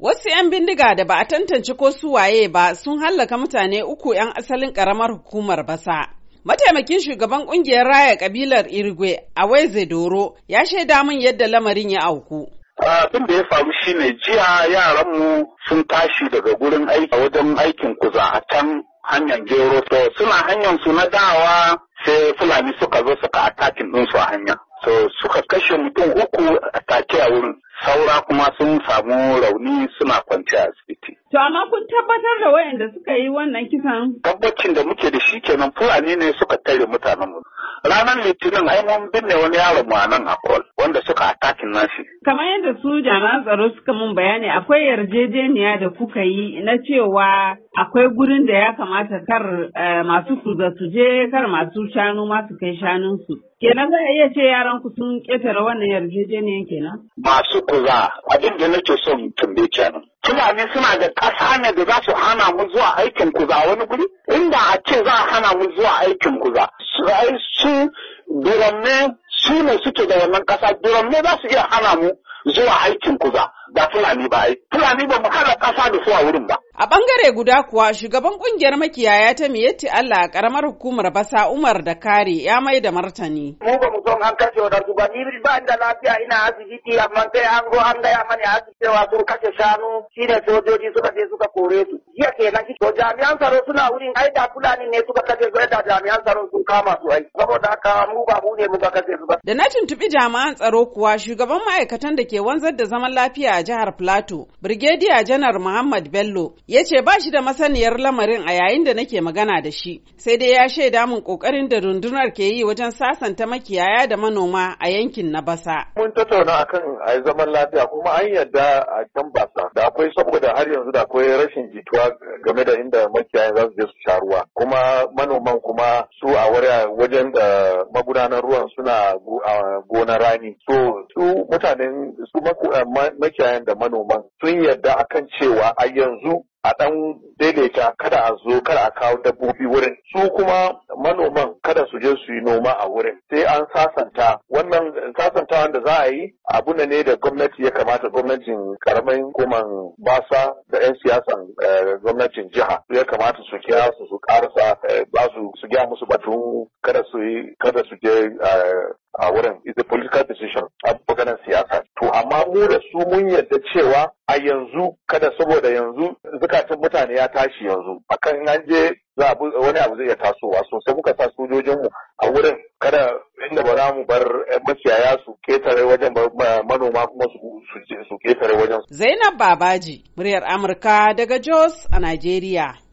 Wasu 'yan bindiga da ba a tantance ko su waye ba sun hallaka mutane uku 'yan asalin ƙaramar hukumar basa. Mataimakin shugaban ƙungiyar raya ƙabilar Irigwe a Waize Doro ya shaida min yadda lamarin ya auku. abin da ya faru shine jiya yaranmu sun tashi daga gurin aiki wajen aikin kuza a can hanyar gero suna hanyar su na dawa sai fulani suka zo suka atakin ɗinsu a hanyar. so suka kashe mutum uku a take a wurin saura kuma sun samu rauni suna kwanci a asibiti. To amma kun tabbatar da wayanda suka yi wannan kisan? Tabbacin da muke da shi kenan Fulani ne suka tare mutanen mu. Ranar Litinin ai mun binne wani yaro mu a nan a Kol. suka atakin nasu. Kamar yadda su jami'an tsaro suka mun bayani akwai yarjejeniya da kuka yi na cewa akwai gurin da ya kamata kar eh, masu kuza su je kar masu shanu masu kai shanunsu. Kenan za a iya ce yaran ku sun ƙetare wannan yarjejeniyan kenan? Masu kuza abin da nake son tambaye kenan. Fulani suna da ƙasa ne da za su hana mu zuwa aikin kuza wani guri? Inda a ce za a hana mu zuwa aikin kuza. Su biranne su ne suke da wannan kasa duran ne za su iya hana mu zuwa aikin kuza ba Fulani ba ai. Fulani ba mu kada ƙasa da su a wurin ba. A bangare guda kuwa shugaban kungiyar makiyaya ta yatti Allah a karamar hukumar Basa Umar da Kare ya mai da martani. Mu ba mu son an kashe wa ba ni ba da lafiya ina asibiti amma sai an go an gaya mani asibiti cewa sun kashe shanu shine sojoji suka je suka kore su. Jiya kenan To jami'an tsaro suna wurin ai Fulani ne suka kashe su da jami'an tsaro sun kama su ai. Saboda haka mu ba mu ne muka kashe su ba. Da na tuntuɓi jami'an tsaro kuwa shugaban ma'aikatan da ke wanzar da zaman lafiya a jihar Plateau, Brigadier Janar Muhammad Bello, ya ce ba shi da masaniyar lamarin a yayin da nake magana da shi. Sai dai ya shaida mun kokarin da rundunar ke yi wajen sasanta makiyaya da manoma a yankin na Basa. Mun tattauna kan a zaman lafiya kuma an yadda a can Basa da akwai saboda har yanzu da akwai rashin jituwa game da inda makiyayan za su je su sha ruwa kuma manoman kuma su a wajen da eh, magudanar ruwan suna gona rani so su mutanen su eh, makiyayan da manoman sun yadda akan cewa a yanzu a ɗan daidaita kada a zo kada a kawo dabbobi wurin su kuma manoman kada su je su yi noma a wurin sai an sasanta wannan sasantawan da za a yi abu ne da gwamnati ya kamata gwamnatin karamin kuma basa da 'yan siyasan eh, gwamnatin jiha ya kamata su kira su su karasa eh, ba su su gya musu batun kada su yi kada su je eh, a wurin is a political decision a siyasa to amma mu da su mun yarda cewa a yanzu kada saboda yanzu zukatan mutane ya tashi yanzu akan an je za wani abu zai iya tasowa sosai muka sa sojojinmu a wurin kada inda ba za mu bar masiyaya su ketare wajen manoma kuma su ketare wajen. Zainab Babaji, muryar Amurka daga Jos a Najeriya.